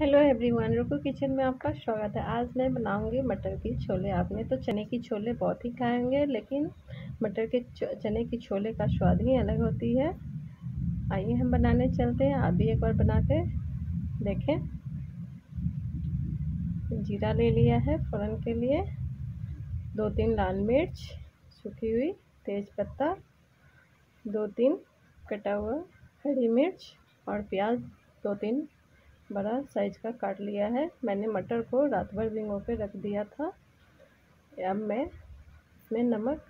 hello everyone रुको kitchen में आपका स्वागत है आज मैं बनाऊंगी मटर की छोले आपने तो चने की छोले बहुत ही खाएंगे लेकिन मटर के चने की छोले का स्वाद ही अलग होती है आइए हम बनाने चलते हैं आप भी एक बार बना के देखें जीरा ले लिया है फ़ोरन के लिए दो तीन लाल मिर्च सूखी हुई तेज पत्ता दो तीन कटा हुआ हरी मिर्च और प्याज दो तीन बड़ा साइज का काट लिया है मैंने मटर को रात भर भिगो पर रख दिया था अब मैं इसमें नमक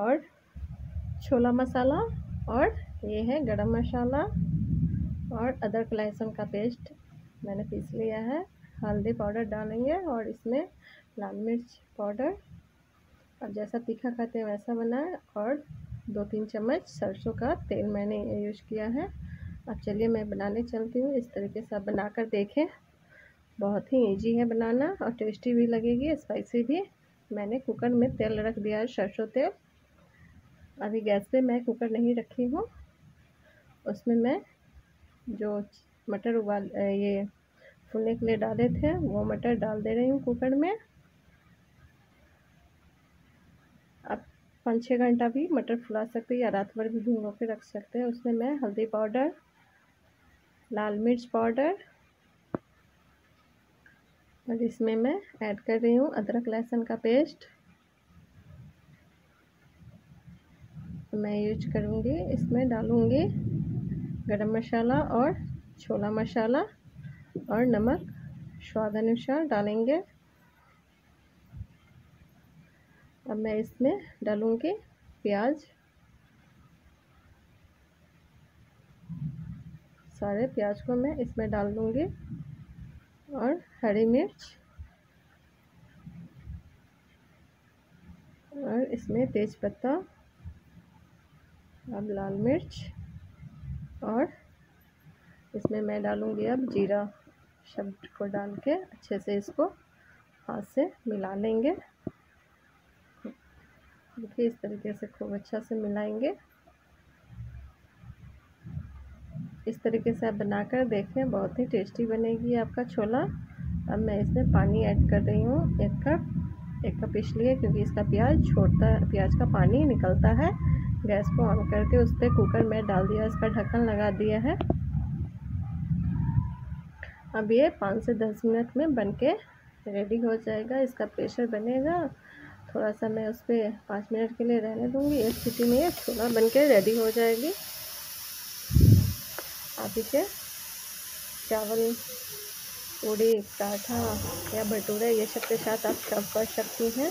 और छोला मसाला और ये है गरम मसाला और अदरक लहसुन का पेस्ट मैंने पीस लिया है हल्दी पाउडर डालेंगे और इसमें लाल मिर्च पाउडर और जैसा तीखा खाते हैं वैसा बनाए और दो तीन चम्मच सरसों का तेल मैंने यूज़ किया है अब चलिए मैं बनाने चलती हूँ इस तरीके से आप बना कर देखें बहुत ही ईजी है बनाना और टेस्टी भी लगेगी स्पाइसी भी मैंने कुकर में तेल रख दिया है सरसों तेल अभी गैस पे मैं कुकर नहीं रखी हूँ उसमें मैं जो मटर उबाल ये फूलने के लिए डाले थे वो मटर डाल दे रही हूँ कुकर में आप पाँच छः घंटा भी मटर फुला सकते हैं या रात भर भी भिगो के रख सकते हैं उसमें मैं हल्दी पाउडर लाल मिर्च पाउडर और इसमें मैं ऐड कर रही हूँ अदरक लहसुन का पेस्ट मैं यूज करूँगी इसमें डालूँगी गरम मसाला और छोला मसाला और नमक स्वाद अनुसार डालेंगे अब मैं इसमें डालूँगी प्याज सारे प्याज को मैं इसमें डाल दूँगी और हरी मिर्च और इसमें तेज पत्ता अब लाल मिर्च और इसमें मैं डालूँगी अब जीरा शब्द को डाल के अच्छे से इसको हाथ से मिला लेंगे देखिए इस तरीके से खूब अच्छा से मिलाएंगे इस तरीके से आप बनाकर देखें बहुत ही टेस्टी बनेगी आपका छोला अब मैं इसमें पानी ऐड कर रही हूँ एक कप एक कप इसलिए क्योंकि इसका प्याज छोड़ता है प्याज का पानी निकलता है गैस को ऑन करके उस पर कुकर में डाल दिया इसका ढक्कन लगा दिया है अब ये पाँच से दस मिनट में बन के रेडी हो जाएगा इसका प्रेशर बनेगा थोड़ा सा मैं उस पर पाँच मिनट के लिए रहने दूँगी एक सीटी में छोला बन के रेडी हो जाएगी अभी से चावल पूड़ी पराठा या भटूरे ये सब के साथ आप सर्व कर सकती हैं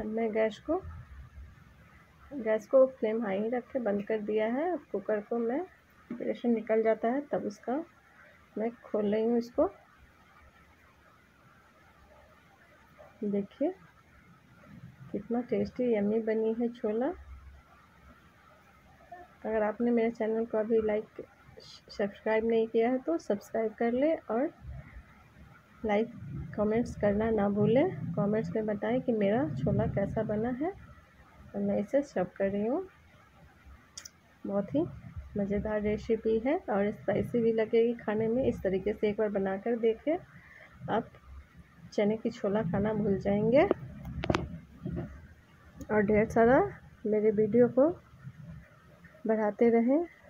हमने गैस को गैस को फ्लेम हाई ही रख के बंद कर दिया है अब कुकर को मैं प्रेशर निकल जाता है तब उसका मैं खोल रही हूँ इसको देखिए कितना टेस्टी यम्मी बनी है छोला अगर आपने मेरे चैनल को अभी लाइक सब्सक्राइब नहीं किया है तो सब्सक्राइब कर लें और लाइक कमेंट्स करना ना भूलें कमेंट्स में बताएं कि मेरा छोला कैसा बना है और मैं इसे सर्व कर रही हूँ बहुत ही मज़ेदार रेसिपी है और स्पाइसी भी लगेगी खाने में इस तरीके से एक बार बना कर देखें आप चने की छोला खाना भूल जाएंगे और ढेर सारा मेरे वीडियो को बढ़ाते रहें